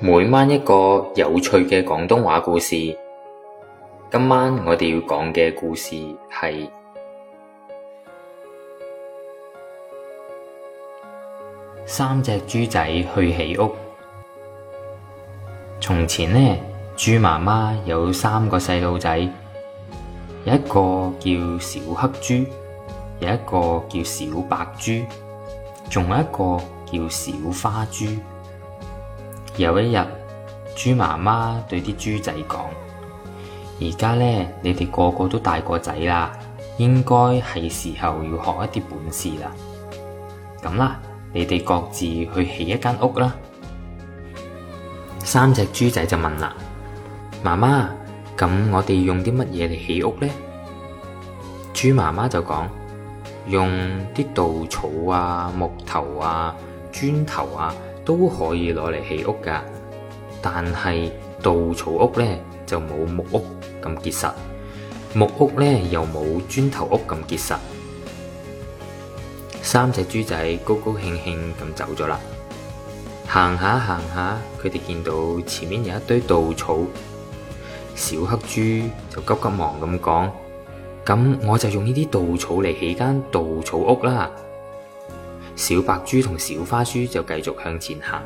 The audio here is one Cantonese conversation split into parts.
每晚一個有趣嘅廣東話故事。今晚我哋要講嘅故事係三隻豬仔去起屋。從前呢，豬媽媽有三個細路仔，有一個叫小黑豬，有一個叫小白豬，仲有一個叫小花豬。有一日，豬媽媽對啲豬仔講：「而家呢，你哋個個都大個仔啦，應該係時候要學一啲本事啦。」咁啦，你哋各自去起一間屋啦。三隻豬仔就問啦：「媽媽，咁我哋用啲乜嘢嚟起屋呢？」豬媽媽就講：「用啲稻草啊、木頭啊、磚頭啊。」都可以攞嚟起屋噶，但係稻草屋呢，就冇木屋咁結實，木屋呢，又冇磚頭屋咁結實。三隻豬仔高高興興咁走咗啦，行下行下，佢哋見到前面有一堆稻草，小黑豬就急急忙咁講：咁我就用呢啲稻草嚟起間稻草屋啦。小白豬同小花豬就繼續向前行，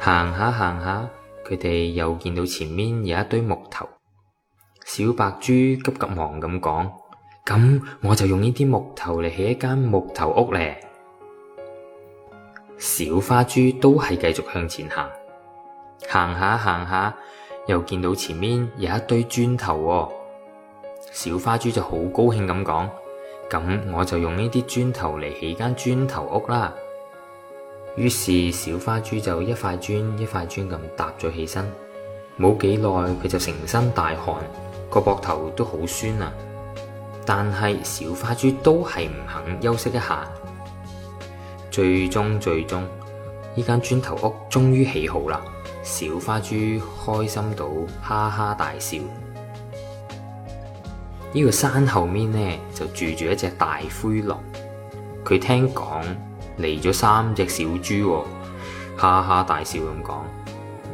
行下行下，佢哋又見到前面有一堆木頭。小白豬急急忙咁講：「咁我就用呢啲木頭嚟起一間木頭屋咧。小花豬都係繼續向前行，行下行下，又見到前面有一堆磚頭喎。小花豬就好高興咁講。咁我就用呢啲磚頭嚟，起間磚頭屋啦。於是小花豬就一塊磚一塊磚咁搭咗起身，冇幾耐佢就成身大汗，個膊頭都好酸啊。但係小花豬都係唔肯休息一下。最終最終，呢間磚頭屋終於起好啦，小花豬開心到哈哈大笑。呢個山後面呢，就住住一隻大灰狼，佢聽講嚟咗三隻小豬喎，哈哈大笑咁講：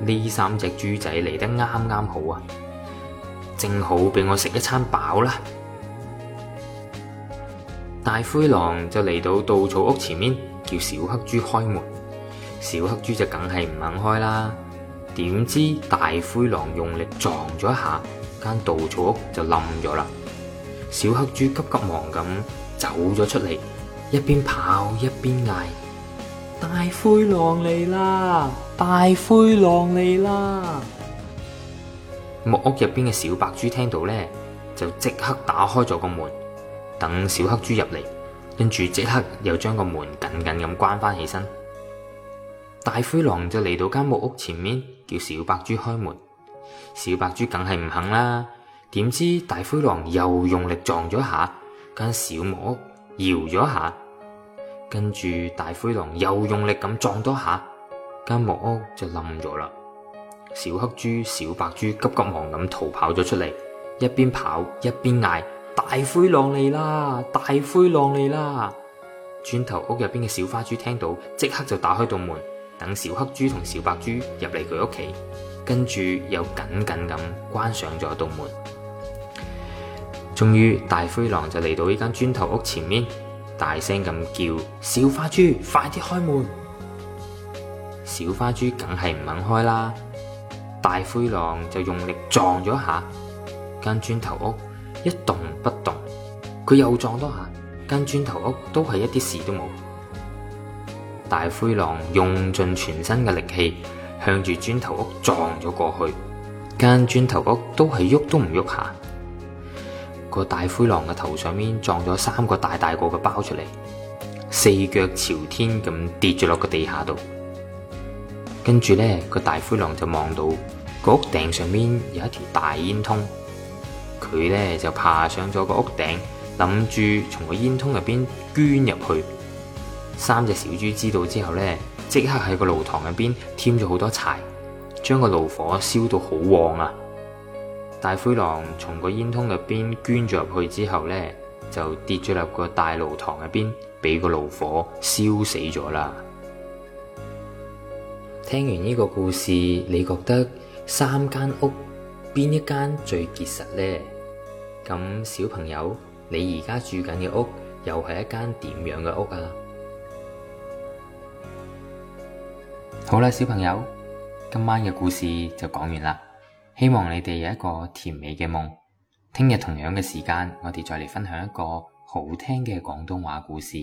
呢三隻豬仔嚟得啱啱好啊，正好俾我食一餐飽啦！大灰狼就嚟到稻草屋前面，叫小黑豬開門，小黑豬就梗係唔肯開啦。點知大灰狼用力撞咗一下，間稻草屋就冧咗啦。小黑豬急急忙咁走咗出嚟，一邊跑一邊嗌：大灰狼嚟啦！大灰狼嚟啦！木屋入邊嘅小白豬聽到呢，就即刻打開咗個門，等小黑豬入嚟，跟住即刻又將個門緊緊咁關翻起身。大灰狼就嚟到間木屋前面，叫小白豬開門。小白豬梗係唔肯啦。點知大灰狼又用力撞咗下，間小木屋搖咗下，跟住大灰狼又用力咁撞多下，間木屋就冧咗啦。小黑豬、小白豬急急忙咁逃跑咗出嚟，一邊跑一邊嗌：大灰狼嚟啦！大灰狼嚟啦！轉頭屋入邊嘅小花豬聽到，即刻就打開道門，等小黑豬同小白豬入嚟佢屋企，跟住又緊緊咁關上咗道門。終於大灰狼就嚟到呢間磚頭屋前面，大聲咁叫：小花豬，快啲開門！小花豬梗係唔肯開啦。大灰狼就用力撞咗下間磚頭屋，一動不動。佢又撞多下間磚頭屋，都係一啲事都冇。大灰狼用盡全身嘅力氣向住磚頭屋撞咗過去，間磚頭屋都係喐都唔喐下。個大灰狼嘅頭上面撞咗三個大大個嘅包出嚟，四腳朝天咁跌咗落個地下度。跟住呢，個大灰狼就望到個屋頂上面有一條大煙囪，佢呢就爬上咗個屋頂，諗住從個煙囪入邊捐入去。三隻小豬知道之後呢，即刻喺個爐膛入邊添咗好多柴，將個爐火燒到好旺啊！大灰狼從個煙囪入邊捐咗入去之後呢，就跌咗入個大爐膛入邊，俾個爐火燒死咗啦。聽完呢個故事，你覺得三間屋，邊一間最結實呢？咁小朋友，你而家住緊嘅屋，又係一間點樣嘅屋啊？好啦，小朋友，今晚嘅故事就講完啦。希望你哋有一個甜美嘅夢。聽日同樣嘅時間，我哋再嚟分享一個好聽嘅廣東話故事。